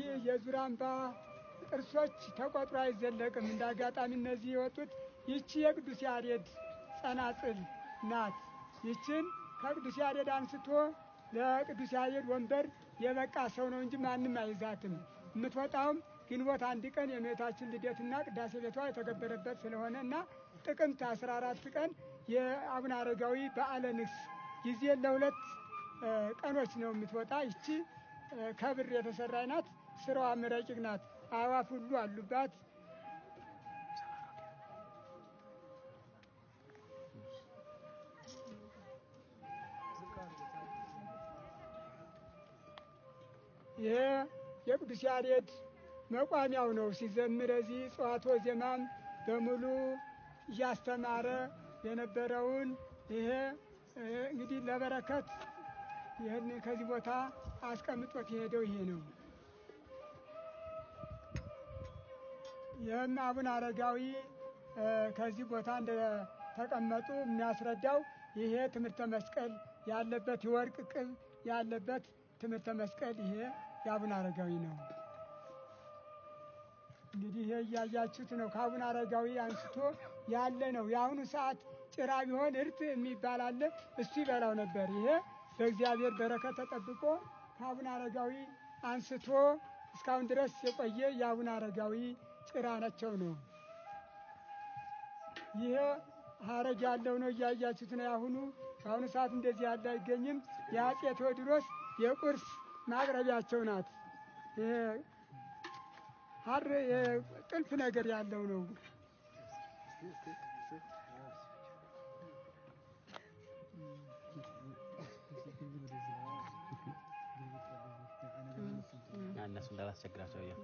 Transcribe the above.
እንግዲህ የዙር አምባ ቅርሶች ተቆጥሮ አይዘለቅም። እንደ አጋጣሚ እነዚህ የወጡት ይቺ የቅዱስ ያሬድ ጸናጽል ናት። ይችን ከቅዱስ ያሬድ አንስቶ ለቅዱስ ያሬድ ወንበር የበቃ ሰው ነው እንጂ ማንም አይዛትም። የምትወጣውም ግንቦት አንድ ቀን የእመቤታችን ልደትና ቅዳሴ ቤቷ የተከበረበት ስለሆነ እና ጥቅምት 14 ቀን የአቡነ አረጋዊ በዓለ ንግስ ጊዜ ለሁለት ቀኖች ነው የምትወጣ። ይቺ ከብር የተሰራች ናት። ስራዋም ረቂቅ ናት። አእዋፍ ሁሉ አሉባት። ይሄ የቅዱስ ያሬድ መቋሚያው ነው። ሲዘምር እዚህ ጸዋቶ ዜማም በሙሉ እያስተማረ የነበረውን ይሄ እንግዲህ ለበረከት ይህን ከዚህ ቦታ አስቀምጦት የሄደው ይሄ ነው። ይህም አቡነ አረጋዊ ከዚህ ቦታ እንደተቀመጡ የሚያስረዳው ይሄ ትምህርተ መስቀል ያለበት የወርቅ ቅብ ያለበት ትምህርተ መስቀል ይሄ የአቡነ አረጋዊ ነው። እንግዲህ ይሄ እያያችሁት ነው። ከአቡነ አረጋዊ አንስቶ ያለ ነው። የአሁኑ ሰዓት ጭራ ቢሆን እርት የሚባል አለ፣ እሱ ይበላው ነበር። ይሄ በእግዚአብሔር በረከት ተጠብቆ ከአቡነ አረጋዊ አንስቶ እስካሁን ድረስ የቆየ የአቡነ አረጋዊ ጭራናቸው ነው። ይሄ ሀረግ ያለው ነው። እያያችሁት ነው። ያሁኑ በአሁኑ ሰዓት እንደዚህ ያለ አይገኝም። የአጼ ቴዎድሮስ የቁርስ ማቅረቢያቸው ናት። ሀር ጥልፍ ነገር ያለው ነው። Gracias, gracias a Dios.